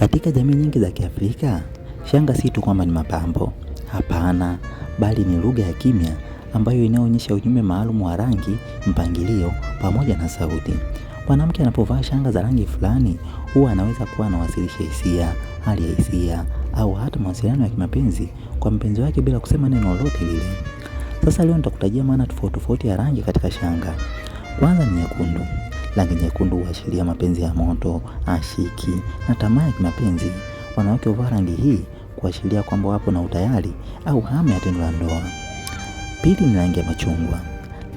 Katika jamii nyingi za Kiafrika, shanga si tu kwamba ni mapambo. Hapana, bali ni lugha ya kimya ambayo inaonyesha ujumbe maalum wa rangi, mpangilio pamoja na sauti. Mwanamke anapovaa shanga za rangi fulani, huwa anaweza kuwa anawasilisha hisia, hali ya hisia au hata mawasiliano ya kimapenzi kwa mpenzi wake bila kusema neno lolote lile. Sasa leo nitakutajia maana tofauti tofauti ya rangi katika shanga. Kwanza ni nyekundu. Rangi nyekundu huashiria mapenzi ya moto, ashiki na tamaa ya kimapenzi. Wanawake huvaa rangi hii kuashiria kwamba wapo na utayari au hamu ya tendo la ndoa. Pili ni rangi ya machungwa.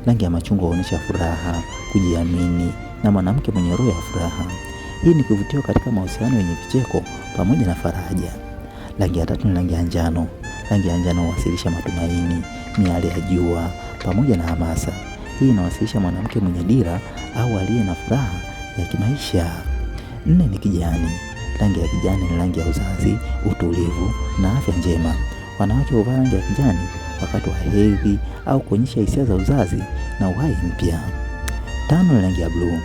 Rangi ya machungwa huonyesha furaha, kujiamini na mwanamke mwenye roho ya furaha. Hii ni kivutio katika mahusiano yenye vicheko pamoja na faraja. Rangi ya tatu ni rangi ya njano. Rangi ya njano huwasilisha matumaini, miale ya jua pamoja na hamasa. Hii inawasilisha mwanamke mwenye dira au aliye na furaha ya kimaisha. Nne ni kijani. Rangi ya kijani ni rangi ya uzazi, utulivu na afya njema. Wanawake huvaa rangi ya kijani wakati wa hedhi au kuonyesha hisia za uzazi na uhai mpya. Tano ni rangi ya bluu.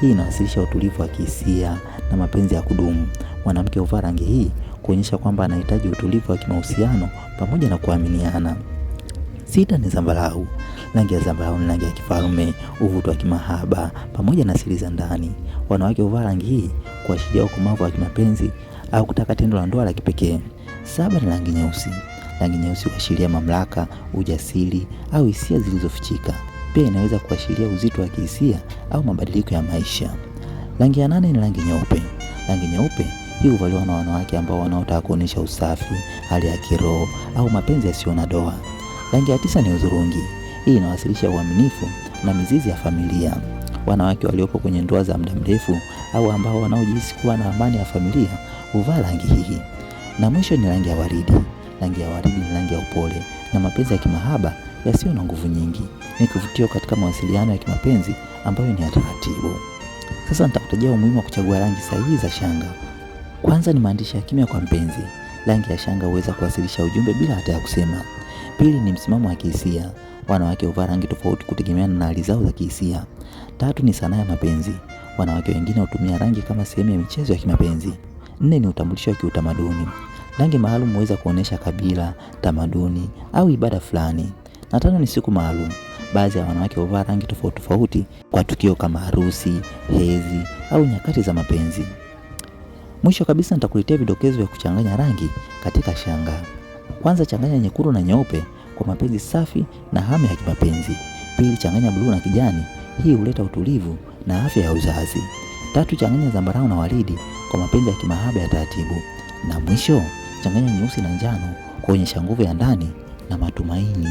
Hii inawasilisha utulivu wa kihisia na mapenzi ya kudumu. Mwanamke huvaa rangi hii kuonyesha kwamba anahitaji utulivu wa kimahusiano pamoja na kuaminiana. Sita ni zambarau rangi ya zambarau ni rangi ya kifalme, uvuto wa kimahaba pamoja na siri za ndani. Wanawake huvaa rangi hii kuashiria ukomavu wa kimapenzi au kutaka tendo la ndoa la kipekee. Saba ni rangi nyeusi. Rangi nyeusi huashiria mamlaka, ujasiri au hisia zilizofichika. Pia inaweza kuashiria uzito wa kihisia au mabadiliko ya maisha. Rangi ya nane ni rangi nyeupe. Rangi nyeupe hii huvaliwa na wanawake ambao wanaotaka kuonyesha usafi, hali ya kiroho au mapenzi yasiyo na doa. Rangi ya tisa ni hudhurungi. Hii inawasilisha uaminifu na mizizi ya familia. Wanawake waliopo kwenye ndoa za muda mrefu au ambao wanaojihisi kuwa na amani ya familia huvaa rangi hii. Na mwisho ni rangi ya waridi. Rangi ya waridi ni rangi ya upole na mapenzi ya kimahaba yasiyo na nguvu nyingi. Ni kivutio katika mawasiliano ya kimapenzi ambayo ni ya taratibu. Sasa nitakutajia umuhimu wa kuchagua rangi sahihi za shanga. Kwanza ni maandishi ya kimya kwa mpenzi. Rangi ya shanga huweza kuwasilisha ujumbe bila hata ya kusema. Pili ni msimamo wa kihisia, wanawake huvaa rangi tofauti kutegemeana na hali zao za kihisia. Tatu ni sanaa ya mapenzi, wanawake wengine hutumia rangi kama sehemu ya michezo ya kimapenzi. Nne ni utambulisho wa kiutamaduni, rangi maalum huweza kuonyesha kabila, tamaduni au ibada fulani. Na tano ni siku maalum, baadhi ya wanawake huvaa rangi tofauti tofauti kwa tukio kama harusi, hezi au nyakati za mapenzi. Mwisho kabisa nitakuletea vidokezo vya kuchanganya rangi katika shanga. Kwanza changanya nyekundu na nyeupe kwa mapenzi safi na hamu ya kimapenzi. Pili, changanya bluu na kijani, hii huleta utulivu na afya ya uzazi. Tatu, changanya zambarau na waridi kwa mapenzi ya kimahaba ya taratibu, na mwisho changanya nyeusi na njano kuonyesha nguvu ya ndani na matumaini.